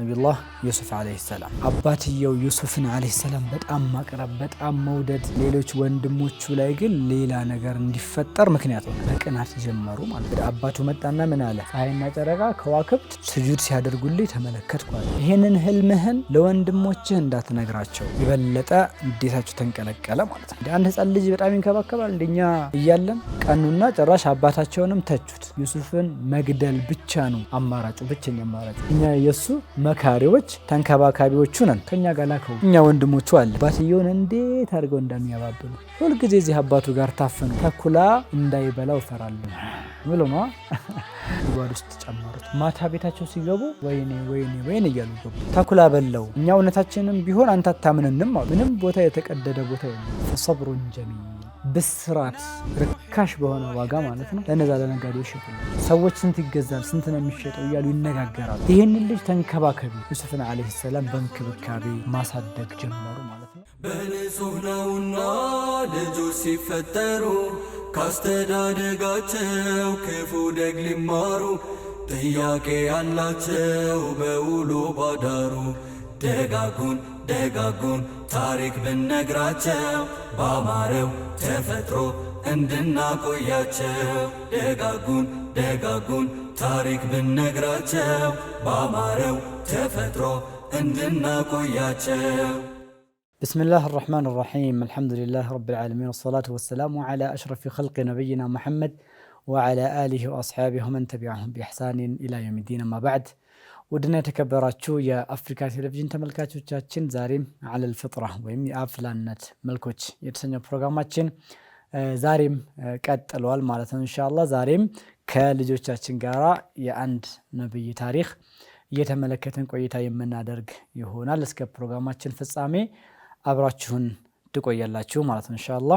ነቢዩላህ ዩሱፍ ዓለይሂ ሰላም አባትየው ዩሱፍን ዓለይሂ ሰላም በጣም ማቅረብ በጣም መውደድ፣ ሌሎች ወንድሞቹ ላይ ግን ሌላ ነገር እንዲፈጠር ምክንያት ሆነ። በቅናት ጀመሩ ማለት ነው። አባቱ መጣና ምን አለ? ፀሐይና ጨረቃ ከዋክብት ስጁድ ሲያደርጉልኝ ተመለከትኩ አለ። ይህንን ህልምህን ለወንድሞችህ እንዳትነግራቸው። የበለጠ እንዴታቸው ተንቀለቀለ ማለት ነው። አንድ ህፃን ልጅ በጣም ይንከባከባል። እንደኛ እያለን ቀኑና ጭራሽ አባታቸውንም ተቹት። ዩሱፍን መግደል ብቻ ነው አማራጩ፣ ብቸኛ አማራጩ እኛ የእሱ መካሪዎች፣ ተንከባካቢዎቹ ነን። ከኛ ጋር ላከው እኛ ወንድሞቹ አለ። አባትየውን እንዴት አድርገው እንደሚያባብሉ ሁልጊዜ እዚህ አባቱ ጋር ታፈኑ። ተኩላ እንዳይበላው ፈራሉ ብሎ ነዋ ጓድ ውስጥ ጨመሩት። ማታ ቤታቸው ሲገቡ ወይኔ ወይኔ ወይኔ እያሉ ገቡ። ተኩላ በለው። እኛ እውነታችንም ቢሆን አንተ አታምንንም አሉ። ምንም ቦታ የተቀደደ ቦታ የለም። ፈሰብሩን ጀሚል ብስራት ርካሽ በሆነ ዋጋ ማለት ነው። ለነዛ ለነጋዴዎች ይሸጥል። ሰዎች ስንት ይገዛል፣ ስንት ነው የሚሸጠው እያሉ ይነጋገራሉ። ይህንን ልጅ ተንከባከቢ ዩሱፍን ዓለይሂ ሰላም በእንክብካቤ ማሳደግ ጀመሩ ማለት ነው። በንጹህ ነውና ልጆች ሲፈጠሩ ካስተዳደጋቸው ክፉ ደግ ሊማሩ ጥያቄ ያላቸው በውሎ ባዳሩ ደጋጉን ደጋጉን ታሪክ ብነግራቸው ባማረው ተፈጥሮ እንድናቆያቸው ደጋጉን ደጋጉን ታሪክ ብነግራቸው ባማረው ተፈጥሮ እንድናቆያቸው بسم الله الرحمن الرحيم الحمد لله رب العالمين والصلاة والسلام على أشرف خلق نبينا محمد وعلى آله وأصحابه ومن تبعهم بإحسان إلى يوم الدين ما بعد ውድና የተከበራችሁ የአፍሪካ ቴሌቪዥን ተመልካቾቻችን ዛሬም አለል ፍጥራ ወይም የአፍላነት መልኮች የተሰኘው ፕሮግራማችን ዛሬም ቀጥሏል ማለት ነው። እንሻላ ዛሬም ከልጆቻችን ጋራ የአንድ ነብይ ታሪክ እየተመለከትን ቆይታ የምናደርግ ይሆናል። እስከ ፕሮግራማችን ፍጻሜ አብራችሁን ትቆያላችሁ ማለት ነው። እንሻላ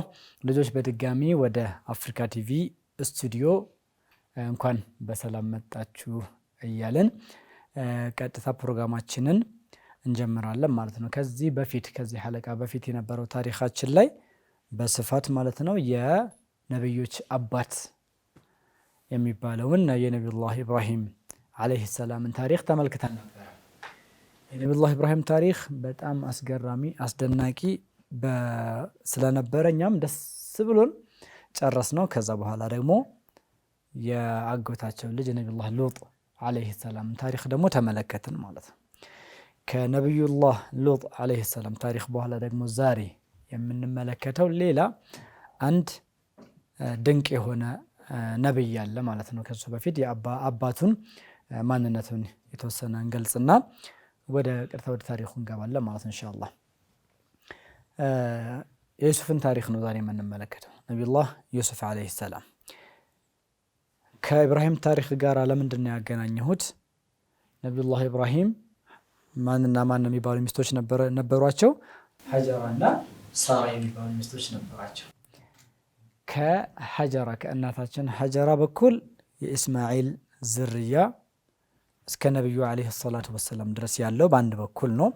ልጆች በድጋሚ ወደ አፍሪካ ቲቪ ስቱዲዮ እንኳን በሰላም መጣችሁ እያለን ቀጥታ ፕሮግራማችንን እንጀምራለን ማለት ነው። ከዚህ በፊት ከዚህ ሀለቃ በፊት የነበረው ታሪካችን ላይ በስፋት ማለት ነው የነቢዮች አባት የሚባለውን የነቢዩላህ ኢብራሂም ዓለይሂ ሰላምን ታሪክ ተመልክተን ነበር። የነቢዩላህ ኢብራሂም ታሪክ በጣም አስገራሚ አስደናቂ ስለነበረ እኛም ደስ ብሎን ጨረስ ነው። ከዛ በኋላ ደግሞ የአጎታቸው ልጅ የነቢዩላህ ሉጥ ዓለይሂ ሰላም ታሪክ ደግሞ ተመለከትን ማለት ነው። ከነቢዩላህ ሉጥ ዓለይሂ ሰላም ታሪክ በኋላ ደግሞ ዛሬ የምንመለከተው ሌላ አንድ ድንቅ የሆነ ነብይ አለ ማለት ነው። ከሱ በፊት የአባቱን ማንነቱን የተወሰነ እንገልጽና ወደ ቅርታ ወደ ታሪኩ እንገባለን ማለት ነው ኢንሻአላህ። የዩሱፍን ታሪክ ነው ዛሬ የምንመለከተው ነቢዩላህ ዩሱፍ ዓለይሂ ሰላም ከኢብራሂም ታሪክ ጋር ለምንድን ነው ያገናኘሁት? ነቢዩላህ ኢብራሂም ማንና ማን የሚባሉ ሚስቶች ነበሯቸው? ሀጀራና ሳራ የሚባሉ ሚስቶች ነበሯቸው። ከሀጀራ ከእናታችን ሀጀራ በኩል የኢስማኤል ዝርያ እስከ ነቢዩ ዓለይሂ ሰላቱ ወሰላም ድረስ ያለው በአንድ በኩል ነው።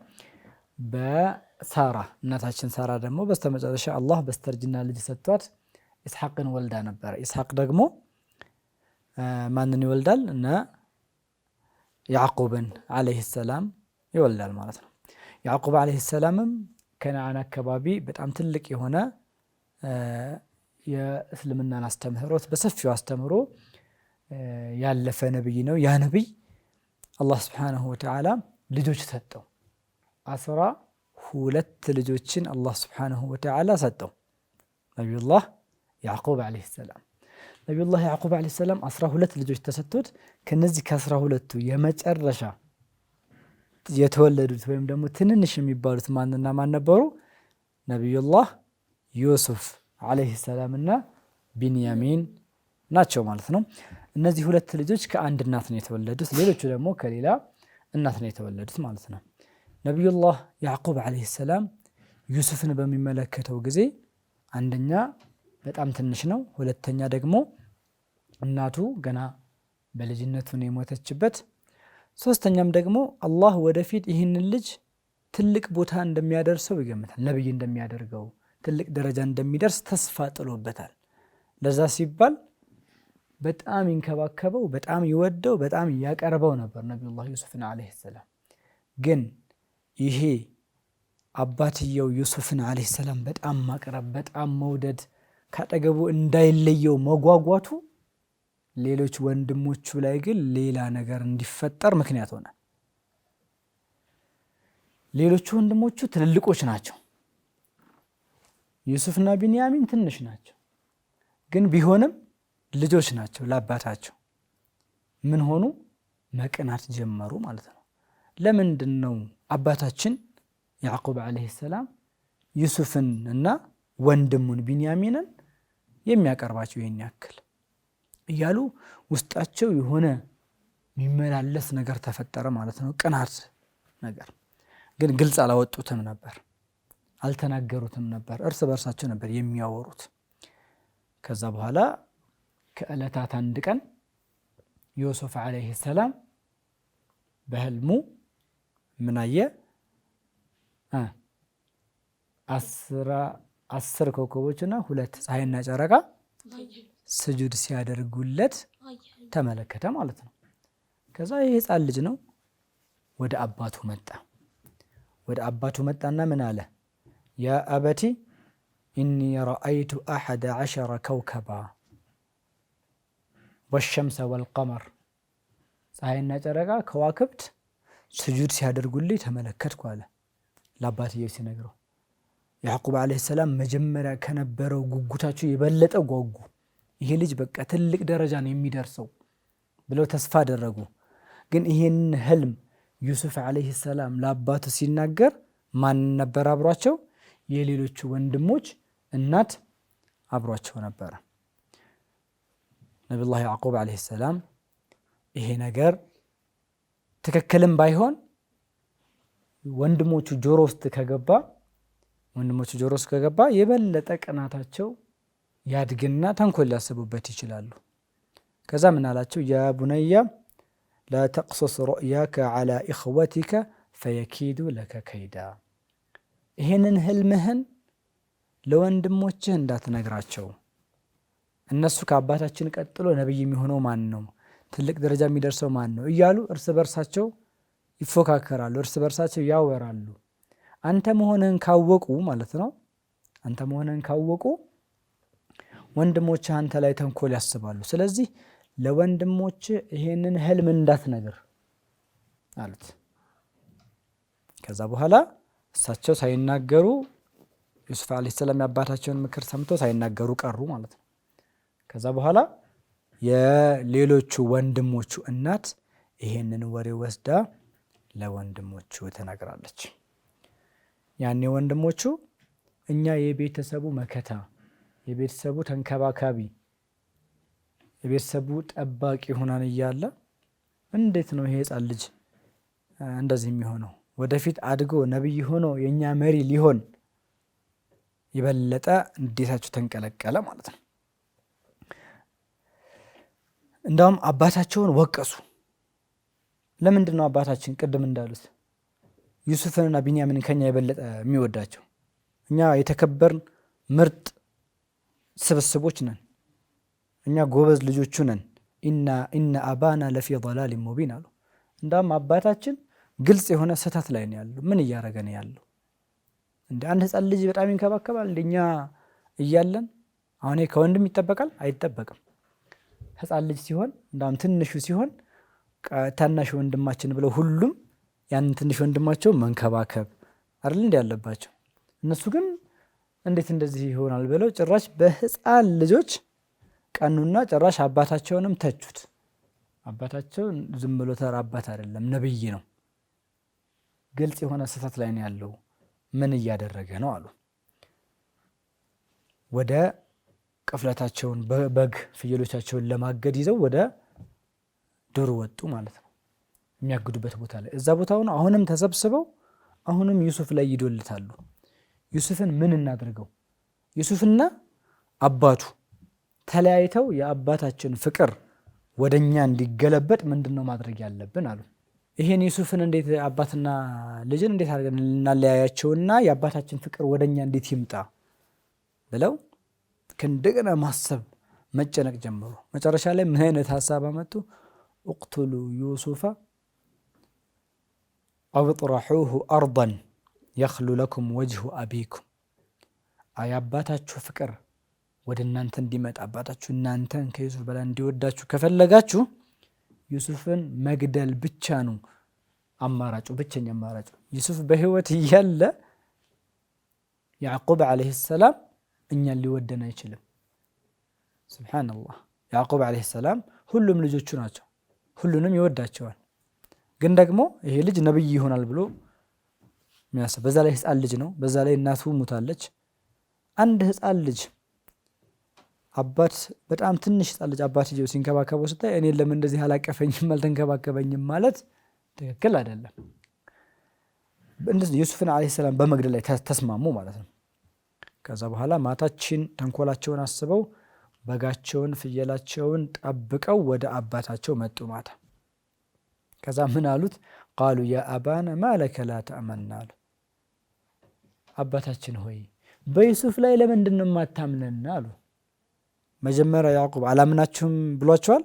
በሳራ እናታችን ሳራ ደግሞ በስተመጨረሻ አላህ በስተርጅና ልጅ ሰጥቷት ኢስሐቅን ወልዳ ነበረ። ኢስሐቅ ደግሞ ማንን ይወልዳል? እነ ያዕቁብን ዓለይሂ ሰላም ይወልዳል ማለት ነው። ያዕቁብ ዓለይሂ ሰላምም ከነዓን አካባቢ በጣም ትልቅ የሆነ የእስልምናን አስተምህሮት በሰፊው አስተምህሮ ያለፈ ነብይ ነው። ያ ነብይ አላህ ስብሓነሁ ወተዓላ ልጆች ሰጠው። አስራ ሁለት ልጆችን አላህ ስብሓነሁ ወተዓላ ሰጠው ነቢዩላህ ያዕቁብ ዓለይሂ ሰላም ነቢዩላህ ያዕቁብ ዓለይሂ ሰላም አስራ ሁለት ልጆች ተሰጥቶት ከነዚህ ከአስራ ሁለቱ የመጨረሻ የተወለዱት ወይም ደግሞ ትንንሽ የሚባሉት ማንና ማን ነበሩ? ነቢዩላህ ዩሱፍ ዓለይሂ ሰላም እና ቢንያሚን ናቸው ማለት ነው። እነዚህ ሁለት ልጆች ከአንድ እናት ነው የተወለዱት፣ ሌሎቹ ደግሞ ከሌላ እናት ነው የተወለዱት ማለት ነው። ነቢዩላህ ያዕቁብ ዓለይሂ ሰላም ዩሱፍን በሚመለከተው ጊዜ አንደኛ በጣም ትንሽ ነው፣ ሁለተኛ ደግሞ እናቱ ገና በልጅነቱ ነው የሞተችበት። ሶስተኛም ደግሞ አላህ ወደፊት ይህንን ልጅ ትልቅ ቦታ እንደሚያደርሰው ይገምታል። ነብይ እንደሚያደርገው ትልቅ ደረጃ እንደሚደርስ ተስፋ ጥሎበታል። ለዛ ሲባል በጣም ይንከባከበው፣ በጣም ይወደው፣ በጣም ያቀርበው ነበር ነቢዩላህ ዩሱፍን ዓለይሂ ሰላም። ግን ይሄ አባትየው ዩሱፍን ዓለይሂ ሰላም በጣም ማቅረብ፣ በጣም መውደድ፣ ካጠገቡ እንዳይለየው መጓጓቱ ሌሎች ወንድሞቹ ላይ ግን ሌላ ነገር እንዲፈጠር ምክንያት ሆነ። ሌሎቹ ወንድሞቹ ትልልቆች ናቸው። ዩሱፍና ቢንያሚን ትንሽ ናቸው፣ ግን ቢሆንም ልጆች ናቸው ለአባታቸው። ምን ሆኑ? መቅናት ጀመሩ ማለት ነው። ለምንድን ነው አባታችን ያዕቁብ ዓለይሂ ሰላም ዩሱፍን እና ወንድሙን ቢንያሚንን የሚያቀርባቸው ይህን ያክል እያሉ ውስጣቸው የሆነ የሚመላለስ ነገር ተፈጠረ ማለት ነው። ቅናት ነገር ግን ግልጽ አላወጡትም ነበር፣ አልተናገሩትም ነበር። እርስ በእርሳቸው ነበር የሚያወሩት። ከዛ በኋላ ከእለታት አንድ ቀን ዮሱፍ ዓለይሂ ሰላም በህልሙ ምናየ አስር ኮከቦችና ሁለት ፀሐይና ጨረቃ ስጁድ ሲያደርጉለት ተመለከተ ማለት ነው። ከዛ ይህ ህፃን ልጅ ነው ወደ አባቱ መጣ። ወደ አባቱ መጣና ምን አለ? ያ አበቲ ኢኒ ረአይቱ አሐደ ዐሸረ ከውከባ ወሸምሰ ወልቀመር፣ ፀሐይና ጨረቃ ከዋክብት ስጁድ ሲያደርጉልኝ ተመለከትኩ አለ ለአባትየው ሲነግረው። ያዕቁብ ዓለይሂ ሰላም መጀመሪያ ከነበረው ጉጉታቸው የበለጠ ጓጉ። ይሄ ልጅ በቃ ትልቅ ደረጃ ነው የሚደርሰው ብለው ተስፋ አደረጉ። ግን ይሄን ህልም ዩሱፍ ዓለይሂ ሰላም ለአባቱ ሲናገር ማን ነበር አብሯቸው? የሌሎቹ ወንድሞች እናት አብሯቸው ነበረ። ነቢዩላህ ያዕቁብ ዓለይሂ ሰላም ይሄ ነገር ትክክልም ባይሆን ወንድሞቹ ጆሮ ውስጥ ከገባ ወንድሞቹ ጆሮ ውስጥ ከገባ የበለጠ ቅናታቸው ያድግና ተንኮል ሊያስቡበት ይችላሉ። ከዛ ምን አላቸው? ያ ቡነያ ላተቅሶስ ሩእያከ ዓላ እኽወቲከ ፈየኪዱ ለከ ከይዳ። ይህንን ህልምህን ለወንድሞችህ እንዳትነግራቸው። እነሱ ከአባታችን ቀጥሎ ነቢይ የሚሆነው ማን ነው? ትልቅ ደረጃ የሚደርሰው ማን ነው? እያሉ እርስ በርሳቸው ይፎካከራሉ፣ እርስ በርሳቸው ያወራሉ። አንተ መሆንህን ካወቁ ማለት ነው። አንተ መሆንህን ካወቁ ወንድሞች አንተ ላይ ተንኮል ያስባሉ። ስለዚህ ለወንድሞች ይሄንን ህልም እንዳትነግር አሉት። ከዛ በኋላ እሳቸው ሳይናገሩ ዩሱፍ ዓለይሂ ሰላም የአባታቸውን ምክር ሰምተው ሳይናገሩ ቀሩ ማለት ነው። ከዛ በኋላ የሌሎቹ ወንድሞቹ እናት ይሄንን ወሬ ወስዳ ለወንድሞቹ ተናግራለች። ያኔ ወንድሞቹ እኛ የቤተሰቡ መከታ የቤተሰቡ ተንከባካቢ የቤተሰቡ ጠባቂ ሆናን እያለ እንዴት ነው ይሄ ህፃን ልጅ እንደዚህ የሚሆነው? ወደፊት አድጎ ነቢይ ሆኖ የእኛ መሪ ሊሆን የበለጠ እንዴታችሁ ተንቀለቀለ ማለት ነው። እንዳውም አባታቸውን ወቀሱ። ለምንድን ነው አባታችን ቅድም እንዳሉት ዩሱፍንና ቢንያምን ከኛ የበለጠ የሚወዳቸው? እኛ የተከበርን ምርጥ ስብስቦች ነን። እኛ ጎበዝ ልጆቹ ነን። ኢና ኢነ አባና ለፊ ላል ሙቢን አሉ። እንዳውም አባታችን ግልጽ የሆነ ስህተት ላይ ነው ያሉ። ምን እያደረገ ነው ያለው? እንደ አንድ ህፃን ልጅ በጣም ይንከባከባል። እንደኛ እያለን አሁን ከወንድም ይጠበቃል አይጠበቅም። ህፃን ልጅ ሲሆን እንዳውም ትንሹ ሲሆን ታናሽ ወንድማችን ብለው ሁሉም ያንን ትንሽ ወንድማቸው መንከባከብ አይደል እንዲ ያለባቸው እነሱ ግን እንዴት እንደዚህ ይሆናል ብለው ጭራሽ በህፃን ልጆች ቀኑና ጭራሽ አባታቸውንም ተቹት። አባታቸው ዝም ብሎ ተራ አባት አይደለም፣ ነብይ ነው። ግልጽ የሆነ ስህተት ላይ ነው ያለው። ምን እያደረገ ነው አሉ። ወደ ቅፍለታቸውን በግ ፍየሎቻቸውን ለማገድ ይዘው ወደ ዶሮ ወጡ ማለት ነው። የሚያግዱበት ቦታ ላይ እዛ ቦታውን አሁንም ተሰብስበው አሁንም ዩሱፍ ላይ ይዶልታሉ። ዩሱፍን ምን እናድርገው? ዩሱፍና አባቱ ተለያይተው የአባታችን ፍቅር ወደኛ እንዲገለበጥ ምንድን ነው ማድረግ ያለብን አሉ። ይህን ዩሱፍን እንዴት አባትና ልጅን እንዴት አድርገን ልናለያያቸውና የአባታችን ፍቅር ወደኛ እንዴት ይምጣ ብለው ከእንደገና ማሰብ መጨነቅ ጀመሩ። መጨረሻ ላይ ምን አይነት ሀሳብ አመጡ? እቅቱሉ ዩሱፋ አብጥራሑሁ አርضን የኽሉ ለኩም ወጅሁ አቢኩም የአባታችሁ ፍቅር ወደ እናንተ እንዲመጣ አባታችሁ እናንተን ከዩሱፍ በላይ እንዲወዳችሁ ከፈለጋችሁ ዩሱፍን መግደል ብቻ ነው አማራጩ፣ ብቸኛ አማራጩ። ዩሱፍ በህይወት እያለ ያዕቁብ ዓለይሂ ሰላም እኛን ሊወደን አይችልም። ሱብሓነላህ። ያዕቁብ ዓለይሂ ሰላም ሁሉም ልጆቹ ናቸው፣ ሁሉንም ይወዳቸዋል። ግን ደግሞ ይሄ ልጅ ነብይ ይሆናል ብሎ የሚያስብ በዛ ላይ ህፃን ልጅ ነው። በዛ ላይ እናቱ ሙታለች። አንድ ህፃን ልጅ አባት በጣም ትንሽ ህፃን ልጅ አባትየው ሲንከባከበው ስታይ እኔን ለምን እንደዚህ አላቀፈኝም አልተንከባከበኝም ማለት ትክክል አይደለም። እንደዚህ ዩሱፍን ዓለይሂ ሰላም በመግደል ላይ ተስማሙ ማለት ነው። ከዛ በኋላ ማታችን ተንኮላቸውን አስበው በጋቸውን ፍየላቸውን ጠብቀው ወደ አባታቸው መጡ ማታ። ከዛ ምን አሉት? ቃሉ ያ አባና ማለከ ላ ተእመና አሉ አባታችን ሆይ በዩሱፍ ላይ ለምንድን ነው የማታምነን አሉ። መጀመሪያ ያዕቁብ አላምናችሁም ብሏቸዋል?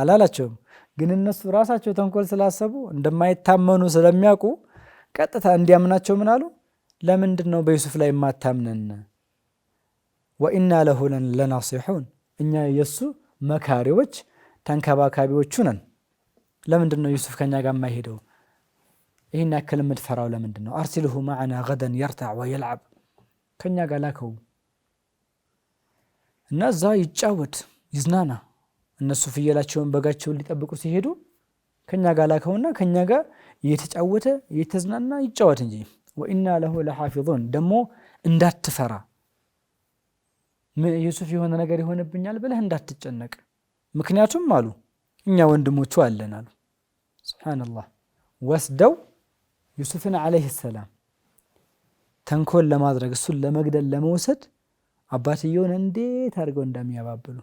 አላላቸውም። ግን እነሱ ራሳቸው ተንኮል ስላሰቡ እንደማይታመኑ ስለሚያውቁ ቀጥታ እንዲያምናቸው ምን አሉ? ለምንድን ነው በዩሱፍ ላይ የማታምነን? ወኢና ለሁ ለናሲሑን፣ እኛ የእሱ መካሪዎች ተንከባካቢዎቹ ነን። ለምንድን ነው ዩሱፍ ከኛ ጋር የማይሄደው? ይህን ያክል የምትፈራው ለምንድን ነው? አርሲልሁ ማዕና ገደን የርታዕ ወየልዓብ ከእኛ ጋር ላከው እና እዛ ይጫወት ይዝናና። እነሱ ፍየላቸውን በጋቸውን ሊጠብቁ ሲሄዱ ከእኛ ጋር ላከውና ከእኛ ጋር እየተጫወተ እየተዝናና ይጫወት እንጂ ወኢና ለሁ ለሓፊዙን ደግሞ እንዳትፈራ ዩሱፍ የሆነ ነገር ይሆንብኛል ብለህ እንዳትጨነቅ። ምክንያቱም አሉ እኛ ወንድሞቹ አለን አሉ። ሱብሓነላህ ወስደው ዩሱፍን ዓለይህ ሰላም ተንኮል ለማድረግ እሱን ለመግደል ለመውሰድ አባትየውን እንዴት አድርገው እንደሚያባብሉ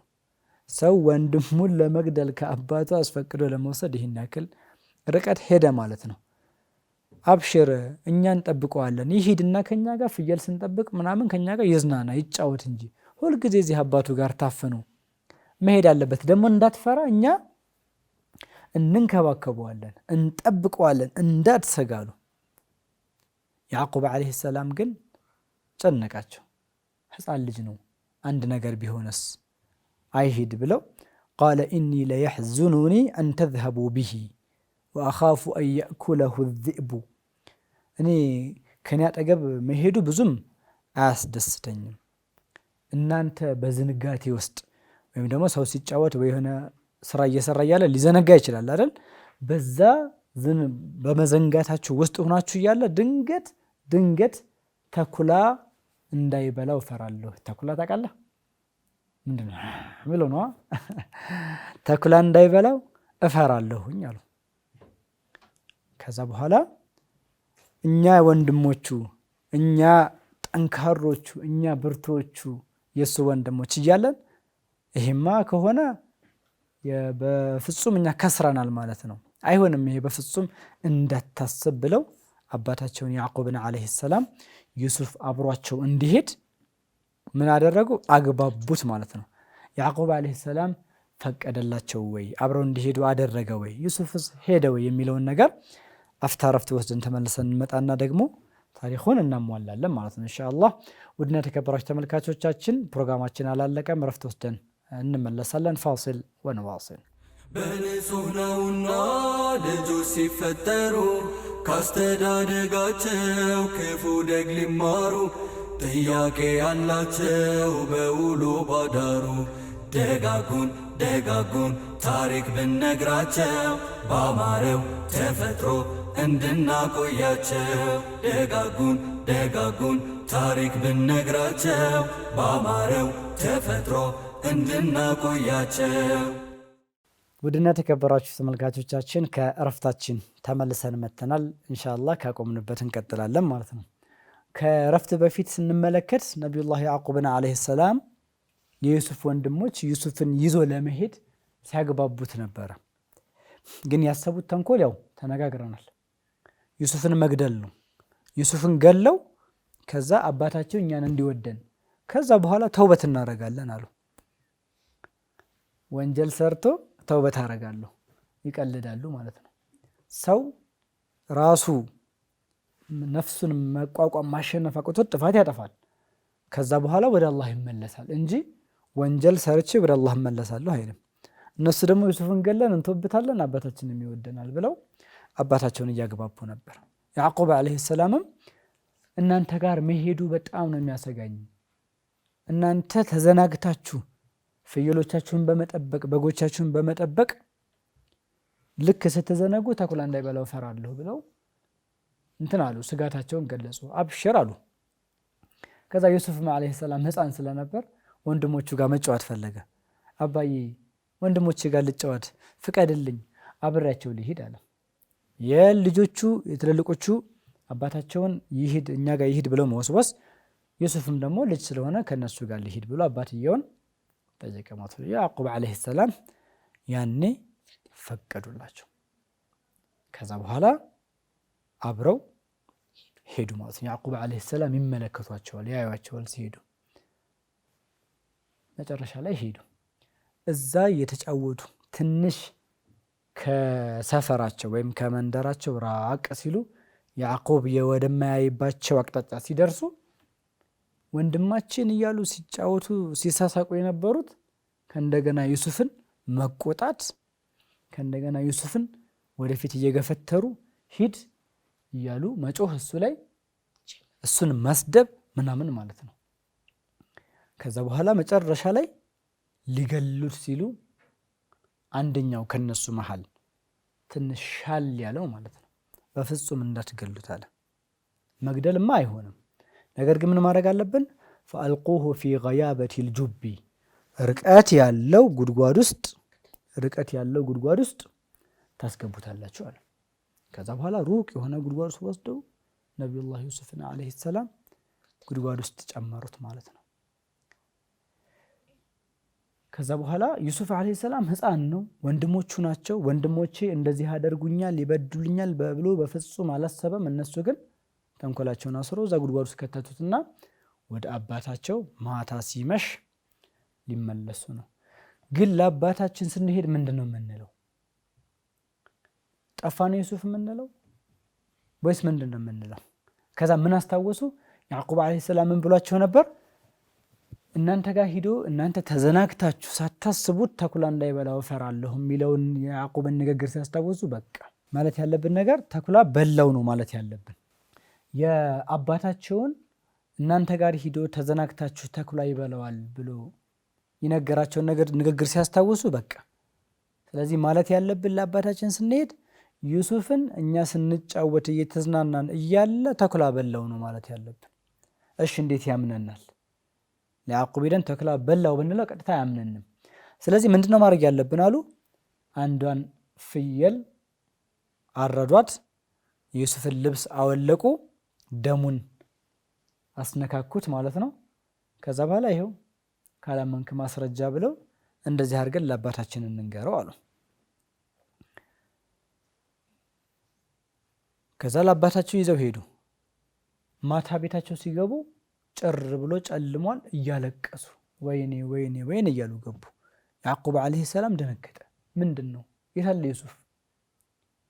ሰው ወንድሙን ለመግደል ከአባቱ አስፈቅዶ ለመውሰድ ይህን ያክል ርቀት ሄደ ማለት ነው። አብሽር እኛ እንጠብቀዋለን፣ ይሂድና ከኛ ጋር ፍየል ስንጠብቅ ምናምን ከኛ ጋር ይዝናና ይጫወት እንጂ ሁልጊዜ እዚህ አባቱ ጋር ታፍኖ መሄድ አለበት። ደግሞ እንዳትፈራ እኛ እንንከባከበዋለን፣ እንጠብቀዋለን፣ እንዳትሰጋሉ ያዕቁብ ዓለይሂ ሰላም ግን ጨነቃቸው። ሕፃን ልጅ ነው፣ አንድ ነገር ቢሆነስ አይሂድ ብለው ቃለ ኢኒ ለየሕዙኑኒ አን ተዝሀቡ ብሂ ወአኻፉ አን የእኩለሁ ዚእቡ እኔ ከኔ አጠገብ መሄዱ ብዙም አያስደስተኝም። እናንተ በዝንጋቴ ውስጥ ወይም ደግሞ ሰው ሲጫወት ወይ የሆነ ስራ እየሰራ እያለ ሊዘነጋ ይችላል አይደል? በዛ በመዘንጋታችሁ ውስጥ ሆናችሁ እያለ ድንገት ድንገት ተኩላ እንዳይበላው እፈራለሁ። ተኩላ ታውቃለህ? ምንድን ነው ብለው ነዋ። ተኩላ እንዳይበላው እፈራለሁኝ አሉ። ከዛ በኋላ እኛ ወንድሞቹ፣ እኛ ጠንካሮቹ፣ እኛ ብርቶቹ የእሱ ወንድሞች እያለን ይሄማ ከሆነ በፍጹም እኛ ከስረናል ማለት ነው። አይሆንም ይሄ በፍጹም እንዳታስብ ብለው አባታቸውን ያዕቁብን ዓለይሂ ሰላም ዩሱፍ አብሯቸው እንዲሄድ ምን አደረጉ? አግባቡት ማለት ነው። ያዕቆብ ዓለይሂ ሰላም ፈቀደላቸው ወይ? አብረው እንዲሄዱ አደረገ ወይ? ዩሱፍስ ሄደ ወይ? የሚለውን ነገር አፍታ ረፍት ወስደን ተመልሰን እንመጣና ደግሞ ታሪኩን እናሟላለን ማለት ነው። ኢንሻአላህ ውድና ተከበራችሁ ተመልካቾቻችን ፕሮግራማችን አላለቀም። ረፍት ወስደን እንመለሳለን። ፋሲል ወንዋሲል በንጹህ ነውና ልጆች ሲፈጠሩ ካስተዳደጋቸው ክፉ ደግ ሊማሩ ጥያቄ ያላቸው በውሎ ባዳሩ ደጋጉን ደጋጉን ታሪክ ብነግራቸው ባማረው ተፈጥሮ እንድናቆያቸው ደጋጉን ደጋጉን ታሪክ ብነግራቸው ባማረው ተፈጥሮ እንድናቆያቸው ውድና የተከበራችሁ ተመልካቾቻችን ከእረፍታችን ተመልሰን መተናል እንሻላ ካቆምንበት እንቀጥላለን ማለት ነው። ከእረፍት በፊት ስንመለከት ነቢዩላህ ያዕቁብን ዓለይሂ ሰላም የዩሱፍ ወንድሞች ዩሱፍን ይዞ ለመሄድ ሲያግባቡት ነበረ። ግን ያሰቡት ተንኮል ያው ተነጋግረናል፣ ዩሱፍን መግደል ነው። ዩሱፍን ገለው ከዛ አባታቸው እኛን እንዲወደን ከዛ በኋላ ተውበት እናደርጋለን አሉ። ወንጀል ሰርቶ ተውበት አረጋለሁ። ይቀልዳሉ ማለት ነው። ሰው ራሱ ነፍሱን መቋቋም ማሸነፍ አቅቶት ጥፋት ያጠፋል። ከዛ በኋላ ወደ አላህ ይመለሳል እንጂ ወንጀል ሰርቼ ወደ አላህ እመለሳለሁ አይልም። እነሱ ደግሞ ዩሱፍን ገለን እንተወብታለን አባታችንም ይወደናል ብለው አባታቸውን እያግባቡ ነበር። ያዕቁብ ዓለይሂ ሰላምም እናንተ ጋር መሄዱ በጣም ነው የሚያሰጋኝ እናንተ ተዘናግታችሁ ፍየሎቻችሁን በመጠበቅ በጎቻችሁን በመጠበቅ ልክ ስትዘነጉ ተኩላ እንዳይበላው ፈራለሁ ብለው እንትን አሉ፣ ስጋታቸውን ገለጹ። አብሽር አሉ። ከዛ ዩሱፍም ዓለይሂ ሰላም ህፃን ስለነበር ወንድሞቹ ጋር መጫወት ፈለገ። አባዬ ወንድሞች ጋር ልጫወት ፍቀድልኝ፣ አብሬያቸው ሊሄድ አለ። የልጆቹ የትልልቆቹ አባታቸውን ይሂድ እኛ ጋር ይሂድ ብለው መወስወስ፣ ዩሱፍም ደግሞ ልጅ ስለሆነ ከነሱ ጋር ሊሂድ ብሎ አባትየውን ጠየቀ ማለት ነው። ያዕቁብ ዓለይሂ ሰላም ያኔ ፈቀዱላቸው። ከዛ በኋላ አብረው ሄዱ ማለት ነው። ያዕቁብ ዓለይሂ ሰላም ይመለከቷቸዋል፣ ያዩቸዋል ሲሄዱ መጨረሻ ላይ ሄዱ። እዛ የተጫወቱ ትንሽ ከሰፈራቸው ወይም ከመንደራቸው ራቅ ሲሉ ያዕቆብ የወደማያይባቸው አቅጣጫ ሲደርሱ ወንድማችን እያሉ ሲጫወቱ ሲሳሳቁ የነበሩት ከእንደገና ዩሱፍን መቆጣት ከእንደገና ዩሱፍን ወደፊት እየገፈተሩ ሂድ እያሉ መጮህ እሱ ላይ እሱን መስደብ ምናምን ማለት ነው። ከዛ በኋላ መጨረሻ ላይ ሊገሉት ሲሉ አንደኛው ከነሱ መሃል ትንሽ ሻል ያለው ማለት ነው በፍጹም እንዳትገሉት አለ። መግደልማ አይሆንም ነገር ግን ምን ማድረግ አለብን? ፈአልቁሁ ፊ ገያበቲል ጁቢ ርቀት ያለው ጉድጓድ ውስጥ ርቀት ያለው ጉድጓድ ውስጥ ታስገቡታላችሁ አለ። ከዛ በኋላ ሩቅ የሆነ ጉድጓድ ውስጥ ወስደው ነቢዩላህ ዩሱፍን ዓለይሂ ሰላም ጉድጓድ ውስጥ ጨመሩት ማለት ነው። ከዛ በኋላ ዩሱፍ ዓለይሂ ሰላም ሕፃን ነው፣ ወንድሞቹ ናቸው። ወንድሞቼ እንደዚህ ያደርጉኛል፣ ይበድሉኛል ብሎ በፍጹም አላሰበም። እነሱ ግን ተንኮላቸውን አስሮ እዛ ጉድጓድ ውስጥ ከተቱትና ወደ አባታቸው ማታ ሲመሽ ሊመለሱ ነው። ግን ለአባታችን ስንሄድ ምንድን ነው የምንለው? ጠፋ ነው ዩሱፍ የምንለው ወይስ ምንድን ነው የምንለው? ከዛ ምን አስታወሱ? ያዕቁብ ዓለይሂ ሰላም ምን ብሏቸው ነበር? እናንተ ጋር ሂዶ እናንተ ተዘናግታችሁ ሳታስቡት ተኩላ እንዳይበላው እፈራለሁ የሚለውን የያዕቁብን ንግግር ሲያስታወሱ፣ በቃ ማለት ያለብን ነገር ተኩላ በላው ነው ማለት ያለብን የአባታቸውን እናንተ ጋር ሂዶ ተዘናግታችሁ ተኩላ ይበላዋል ብሎ የነገራቸውን ነገር ንግግር ሲያስታውሱ በቃ ስለዚህ ማለት ያለብን ለአባታችን ስንሄድ ዩሱፍን እኛ ስንጫወት እየተዝናናን እያለ ተኩላ በላው ነው ማለት ያለብን። እሺ እንዴት ያምነናል? ለያዕቁብ ሄደን ተኩላ በላው ብንለው ቀጥታ አያምነንም። ስለዚህ ምንድነው ማድረግ ያለብን አሉ። አንዷን ፍየል አረዷት፣ የዩሱፍን ልብስ አወለቁ። ደሙን አስነካኩት ማለት ነው። ከዛ በኋላ ይኸው ካላመንክ ማስረጃ ብለው እንደዚህ አድርገን ለአባታችን እንንገረው አሉ። ከዛ ለአባታቸው ይዘው ሄዱ። ማታ ቤታቸው ሲገቡ ጭር ብሎ ጨልሟል። እያለቀሱ ወይኔ ወይኔ ወይኔ እያሉ ገቡ። ያዕቁብ ዓለይሂ ሰላም ደነገጠ። ምንድን ነው የታለ ዩሱፍ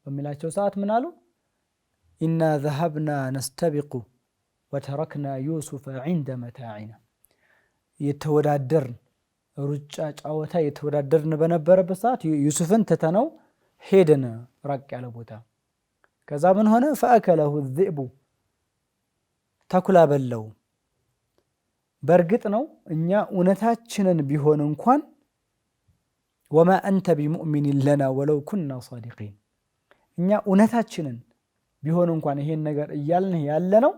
በሚላቸው ሰዓት ምን አሉ? ኢና ዘሀብና ነስተቢቁ ወተረክና ዩሱፈ ዒንደ መታዕና የተወዳደርን ሩጫ ጨዋታ የተወዳደርን በነበረበት ሰዓት ዩሱፍን ትተነው ሄድን ራቅ ያለ ቦታ። ከዛ ምን ሆነ? ፈአከለሁ ዚእቡ ተኩላ በለው። በእርግጥ ነው እኛ እውነታችንን ቢሆን እንኳን ወማ አንተ ቢሙእሚኒን ለና ወለው ኩና ሳዲቂን እኛ እውነታችንን ቢሆን እንኳን ይሄን ነገር እያልን ያለ ነው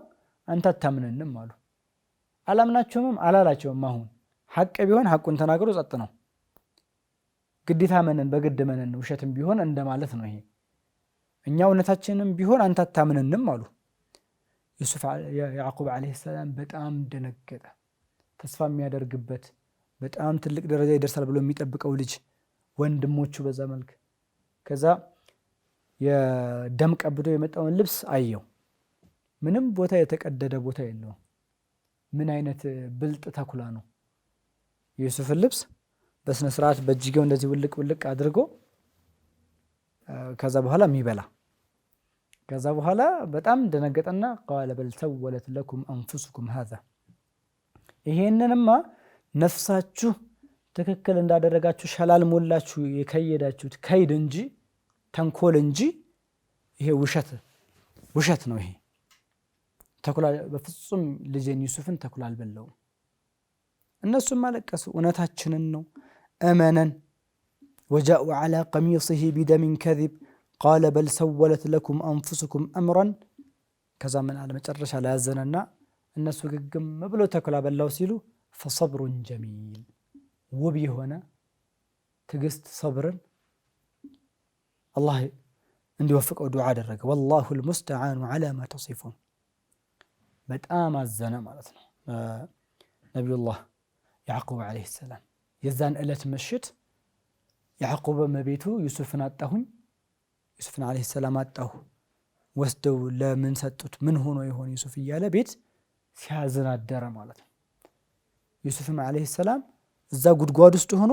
አንተ አታምንንም አሉ። አላምናቸውምም አላላቸውም። አሁን ሐቅ ቢሆን ሐቁን ተናገሩ ጸጥ ነው። ግዴታ መንን በግድ መንን ውሸትም ቢሆን እንደማለት ነው። ይሄ እኛ እውነታችንም ቢሆን አንተ አታምንንም አሉ። ዩሱፍ ያዕቁብ ዓለይሂ ሰላም በጣም ደነገጠ። ተስፋ የሚያደርግበት በጣም ትልቅ ደረጃ ይደርሳል ብሎ የሚጠብቀው ልጅ ወንድሞቹ በዛ መልክ ከዛ የደም ቀብዶ የመጣውን ልብስ አየው። ምንም ቦታ የተቀደደ ቦታ የለውም። ምን አይነት ብልጥ ተኩላ ነው! የዩሱፍን ልብስ በስነ ስርዓት በእጅጌው እንደዚህ ውልቅ ውልቅ አድርጎ ከዛ በኋላ የሚበላ ከዛ በኋላ በጣም ደነገጠና ቃለ በል ሰወለት ለኩም አንፉሱኩም ሀዛ ይሄንንማ ነፍሳችሁ ትክክል እንዳደረጋችሁ ሸላል ሞላችሁ የከየዳችሁት ከይድ እንጂ ተንኮል እንጂ ይሄ ውሸት ውሸት ነው። ይሄ ተኩላ በፍጹም ልጄን ዩሱፍን ተኩላ አልበላውም። እነሱም አለቀሱ። እውነታችንን ነው እመነን። ወጃኡ ዐላ ቀሚሲሂ ቢደሚን ከዚብ ቃለ በል ሰወለት ለኩም አንፉስኩም አምረን። ከዛ ምን አለ መጨረሻ ላይ አዘነና እነሱ ግግም ብሎ ተኩላ በላው ሲሉ ፈሰብሩን ጀሚል ውብ የሆነ ትዕግስት ሰብርን አላህ እንዲወፍቀው ዱዓ አደረገ። ወላሁ ልሙስተዓኑ ዐላ ማ ተሲፉን። በጣም አዘነ ማለት ነው ነቢዩላህ ያዕቁብ ዓለይሂ ሰላም። የዛን ዕለት ምሽት ያዕቁብ መቤቱ ዩሱፍን አጣሁኝ፣ ዩሱፍን ዓለይሂ ሰላም አጣሁ፣ ወስደው ለምን ሰጡት? ምን ሆኖ የሆነ ዩሱፍ እያለ ቤት ሲያዝን አደረ ማለት ነው። ዩሱፍም ዓለይሂ ሰላም እዛ ጉድጓድ ውስጥ ሆኖ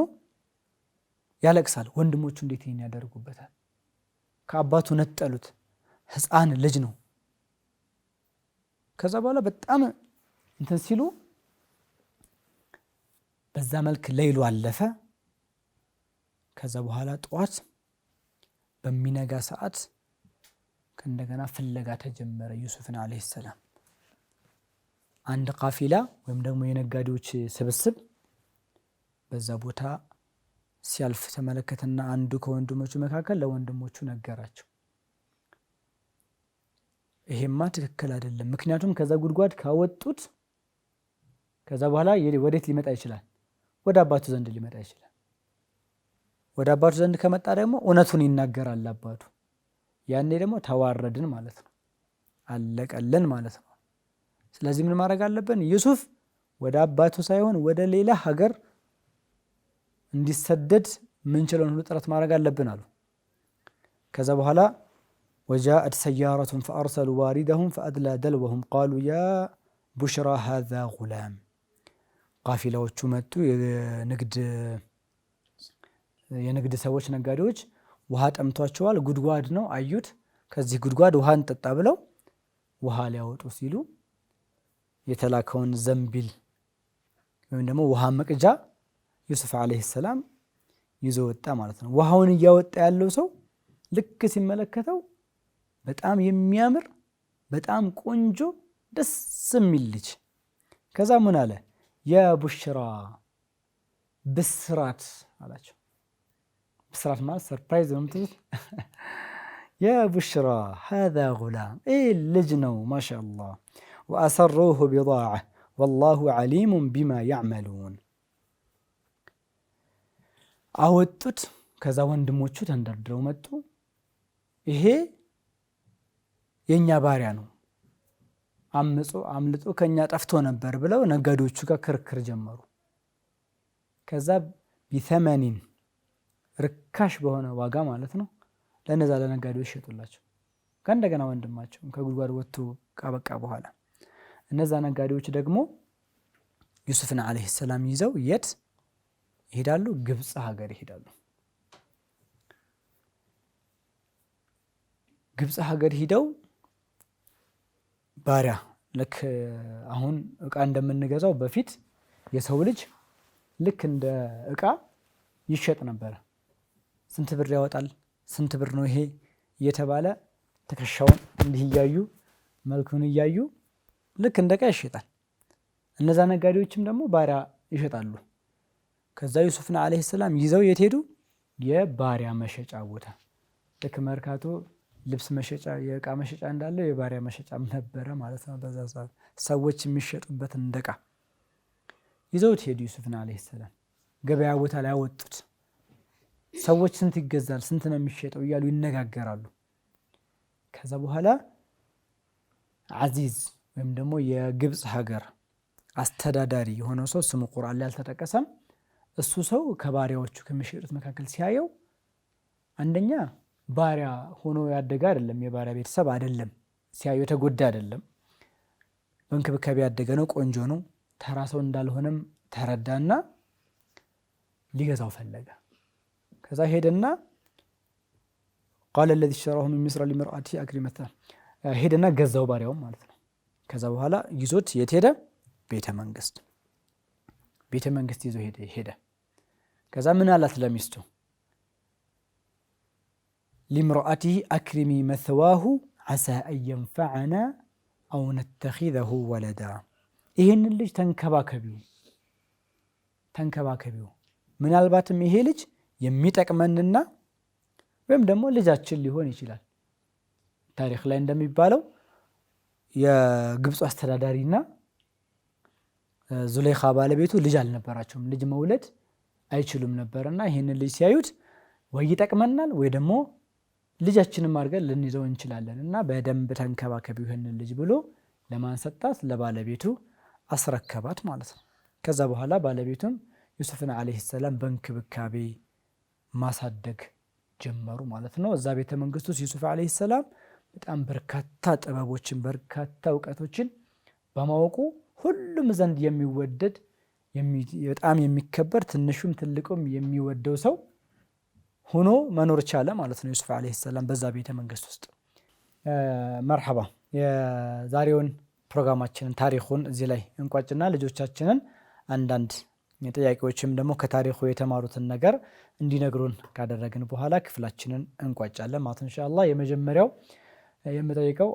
ያለቅሳል። ወንድሞቹ እንዴት ይህን ያደርጉበታል? ከአባቱ ነጠሉት። ህፃን ልጅ ነው። ከዛ በኋላ በጣም እንትን ሲሉ በዛ መልክ ሌይሉ አለፈ። ከዛ በኋላ ጠዋት በሚነጋ ሰዓት ከእንደገና ፍለጋ ተጀመረ ዩሱፍን ዓለይሂ ሰላም። አንድ ቃፊላ ወይም ደግሞ የነጋዴዎች ስብስብ በዛ ቦታ ሲያልፍ ተመለከተና አንዱ ከወንድሞቹ መካከል ለወንድሞቹ ነገራቸው። ይሄማ ትክክል አይደለም። ምክንያቱም ከዛ ጉድጓድ ካወጡት ከዛ በኋላ ወዴት ሊመጣ ይችላል? ወደ አባቱ ዘንድ ሊመጣ ይችላል። ወደ አባቱ ዘንድ ከመጣ ደግሞ እውነቱን ይናገራል አባቱ። ያኔ ደግሞ ተዋረድን ማለት ነው፣ አለቀልን ማለት ነው። ስለዚህ ምን ማድረግ አለብን? ዩሱፍ ወደ አባቱ ሳይሆን ወደ ሌላ ሀገር እንዲሰደድ ምንችለውን ሁሉ ጥረት ማድረግ አለብን አሉ። ከዛ በኋላ ወጃአት ሰያረቱን ፈአርሰሉ ዋሪደሁም ፈአድላ ደልወሁም ቃሉ ያ ቡሽራ ሃዛ ጉላም። ቃፊላዎቹ መጡ። የንግድ ሰዎች ነጋዴዎች ውሃ ጠምቷቸዋል፣ ጉድጓድ ነው አዩት። ከዚህ ጉድጓድ ውሃ እንጠጣ ብለው ውሃ ሊያወጡ ሲሉ የተላከውን ዘንቢል ወይም ደግሞ ውሃ መቅጃ ዩሱፍ ዓለይሂ ሰላም ይዞ ወጣ ማለት ነው። ውሃውን እያወጣ ያለው ሰው ልክ ሲመለከተው በጣም የሚያምር በጣም ቆንጆ ደስ የሚል ልጅ። ከዛ ምን አለ? ያ ቡሽራ ብስራት አላቸው። ብስራት ማለት ሰርፕራይዝ ነው የምትሉት። ያ ቡሽራ ሃዛ ጉላም ይህ ልጅ ነው ማሻ አላህ። ወአሰሩሁ ቢዳዓ ወላሁ ዓሊሙን ቢማ ያዕመሉን አወጡት። ከዛ ወንድሞቹ ተንደርድረው መጡ። ይሄ የእኛ ባሪያ ነው አምጾ አምልጦ ከእኛ ጠፍቶ ነበር ብለው ነጋዴዎቹ ጋር ክርክር ጀመሩ። ከዛ ቢተመኒን ርካሽ በሆነ ዋጋ ማለት ነው ለነዛ ለነጋዴዎች ሸጡላቸው። ከእንደገና ወንድማቸውም ከጉድጓድ ወጥቶ ካበቃ በኋላ እነዛ ነጋዴዎች ደግሞ ዩሱፍን ዓለይሂ ሰላም ይዘው የት ይሄዳሉ፣ ግብፅ ሀገር ይሄዳሉ። ግብፅ ሀገር ሂደው ባሪያ ልክ አሁን እቃ እንደምንገዛው በፊት የሰው ልጅ ልክ እንደ እቃ ይሸጥ ነበረ። ስንት ብር ያወጣል፣ ስንት ብር ነው ይሄ እየተባለ ትከሻውን እንዲህ እያዩ መልኩን እያዩ ልክ እንደ እቃ ይሸጣል። እነዛ ነጋዴዎችም ደግሞ ባሪያ ይሸጣሉ። ከዛ ዩሱፍና ዓለይሂ ሰላም ይዘው የት ሄዱ? የባሪያ መሸጫ ቦታ። ልክ መርካቶ ልብስ መሸጫ፣ የእቃ መሸጫ እንዳለው የባሪያ መሸጫም ነበረ ማለት ነው። በዛ ሰዓት ሰዎች የሚሸጡበት እንደቃ ይዘውት ሄዱ። ዩሱፍና ዓለይሂ ሰላም ገበያ ቦታ ላይ አወጡት። ሰዎች ስንት ይገዛል፣ ስንት ነው የሚሸጠው እያሉ ይነጋገራሉ። ከዛ በኋላ አዚዝ ወይም ደግሞ የግብፅ ሀገር አስተዳዳሪ የሆነው ሰው ስሙ ቁርአን ላይ አልተጠቀሰም እሱ ሰው ከባሪያዎቹ ከሚሸጡት መካከል ሲያየው አንደኛ ባሪያ ሆኖ ያደገ አይደለም፣ የባሪያ ቤተሰብ አይደለም፣ ሲያየው የተጎዳ አይደለም። በእንክብካቤ ያደገ ነው፣ ቆንጆ ነው። ተራ ሰው እንዳልሆነም ተረዳና ሊገዛው ፈለገ። ከዛ ሄደና ቃለ ለዚ ሸራሁ ሚን ሚስር ሊምርአቲ አክሪመታ ሄደና ገዛው፣ ባሪያውም ማለት ነው። ከዛ በኋላ ይዞት የት ሄደ? ቤተ መንግስት ቤተ መንግስት ይዞ ሄደ ሄደ። ከዛ ምን አላት ለሚስቱ ሊምርአቲህ አክሪሚ መትዋሁ ዓሳ አንየንፈዐና አው ነተኺዘሁ ወለዳ ይህንን ልጅ ተንከባከቢው ተንከባከቢው ምናልባትም ይሄ ልጅ የሚጠቅመንና ወይም ደግሞ ልጃችን ሊሆን ይችላል። ታሪክ ላይ እንደሚባለው የግብፁ አስተዳዳሪና ዙሌኻ ባለቤቱ ልጅ አልነበራቸውም። ልጅ መውለድ አይችሉም ነበር እና ይህንን ልጅ ሲያዩት ወይ ይጠቅመናል ወይ ደግሞ ልጃችንም አድርገን ልንይዘው እንችላለን እና በደንብ ተንከባከቢ ይህንን ልጅ ብሎ ለማንሰጣት ለባለቤቱ አስረከባት ማለት ነው። ከዛ በኋላ ባለቤቱም ዩሱፍን ዓለይሂ ሰላም በእንክብካቤ ማሳደግ ጀመሩ ማለት ነው። እዛ ቤተ መንግስት ውስጥ ዩሱፍ ዓለይሂ ሰላም በጣም በርካታ ጥበቦችን በርካታ እውቀቶችን በማወቁ ሁሉም ዘንድ የሚወደድ በጣም የሚከበር ትንሹም ትልቁም የሚወደው ሰው ሆኖ መኖር ቻለ ማለት ነው። ዩሱፍ ዓለይሂ ሰላም በዛ ቤተ መንግስት ውስጥ። መርሐባ የዛሬውን ፕሮግራማችንን ታሪኩን እዚህ ላይ እንቋጭና ልጆቻችንን አንዳንድ ጥያቄዎችም ደግሞ ከታሪኩ የተማሩትን ነገር እንዲነግሩን ካደረግን በኋላ ክፍላችንን እንቋጫለን ማለት እንሻላ። የመጀመሪያው የምጠይቀው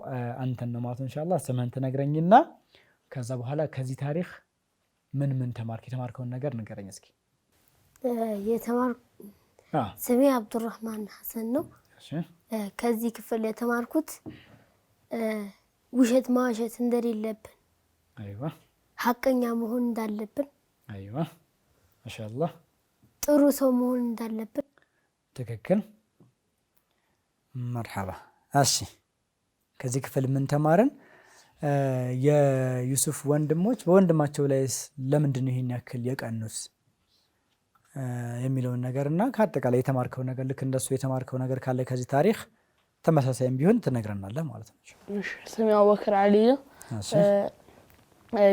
አንተን ነው ማለት እንሻላ። ስምህን ትነግረኝና ከዛ በኋላ ከዚህ ታሪክ ምን ምን ተማርክ? የተማርከውን ነገር ንገረኝ እስኪ። የተማር ስሜ አብዱራህማን ሀሰን ነው። ከዚህ ክፍል የተማርኩት ውሸት ማዋሸት እንደሌለብን፣ ሀቀኛ መሆን እንዳለብን፣ ማሻላ ጥሩ ሰው መሆን እንዳለብን። ትክክል። መርሐባ። እሺ ከዚህ ክፍል ምን ተማርን? የዩሱፍ ወንድሞች በወንድማቸው ላይስ ለምንድን ነው ይህን ያክል የቀኑት የሚለውን ነገር እና ከአጠቃላይ የተማርከው ነገር ልክ እንደሱ የተማርከው ነገር ካለ ከዚህ ታሪክ ተመሳሳይም ቢሆን ትነግረናለህ ማለት ነው። ስሜ አቡበክር አሊ ነው።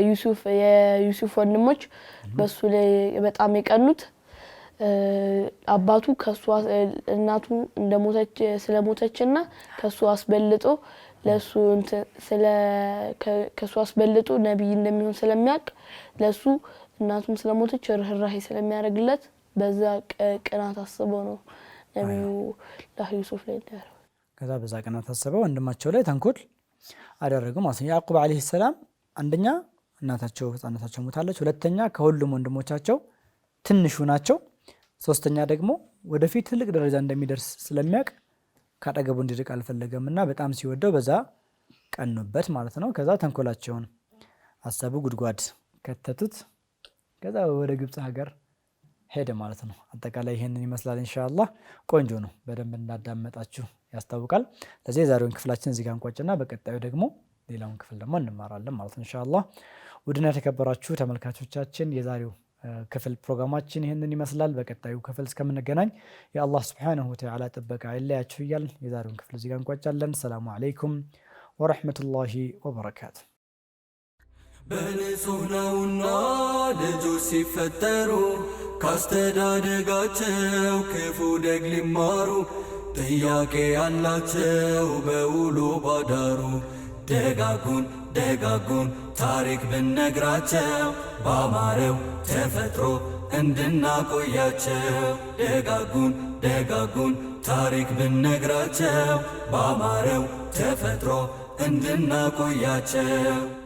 ዩሱፍ የዩሱፍ ወንድሞች በሱ ላይ በጣም የቀኑት አባቱ እናቱ እንደሞተች ስለሞተች እና ከሱ አስበልጦ ለእሱ ከእሱ አስበልጦ ነቢይ እንደሚሆን ስለሚያውቅ ለእሱ እናቱም ስለሞተች ርኅራሄ ስለሚያደርግለት በዛ ቅናት አስበው ነው ነቢዩ ላህ ዩሱፍ ላይ እንዳያረው ከዛ በዛ ቅናት አስበው ወንድማቸው ላይ ተንኮል አደረጉ ማለት ነው። ያዕቁብ ዓለይሂ ሰላም አንደኛ እናታቸው ህፃነታቸው ሞታለች፣ ሁለተኛ ከሁሉም ወንድሞቻቸው ትንሹ ናቸው፣ ሶስተኛ ደግሞ ወደፊት ትልቅ ደረጃ እንደሚደርስ ስለሚያውቅ ካጠገቡ እንዲርቅ አልፈለገም እና በጣም ሲወደው በዛ ቀኑበት ማለት ነው። ከዛ ተንኮላቸውን አሰቡ፣ ጉድጓድ ከተቱት። ከዛ ወደ ግብፅ ሀገር ሄደ ማለት ነው። አጠቃላይ ይህንን ይመስላል። እንሻላ ቆንጆ ነው። በደንብ እንዳዳመጣችሁ ያስታውቃል። ለዚህ የዛሬውን ክፍላችን እዚጋ እንቋጭና በቀጣዩ ደግሞ ሌላውን ክፍል ደግሞ እንማራለን ማለት ነው። እንሻላ ውድና የተከበራችሁ ተመልካቾቻችን የዛሬው ክፍል ፕሮግራማችን ይህንን ይመስላል። በቀጣዩ ክፍል እስከምንገናኝ የአላህ ስብሓነሁ ወተዓላ ጥበቃ ይለያችሁ እያል የዛሬውን ክፍል እዚጋ እንቋጫለን። ሰላሙ አለይኩም ወረሕመቱላሂ ወበረካቱ። በንጹህ ነውና ልጆች ሲፈጠሩ ካስተዳደጋቸው ክፉ ደግ ሊማሩ ጥያቄ ያላቸው በውሎ ባዳሩ ደጋጉን ደጋጉን ታሪክ ብነግራቸው ባማረው ተፈጥሮ እንድናቆያቸው ደጋጉን ደጋጉን ታሪክ ብነግራቸው ባማረው ተፈጥሮ እንድናቆያቸው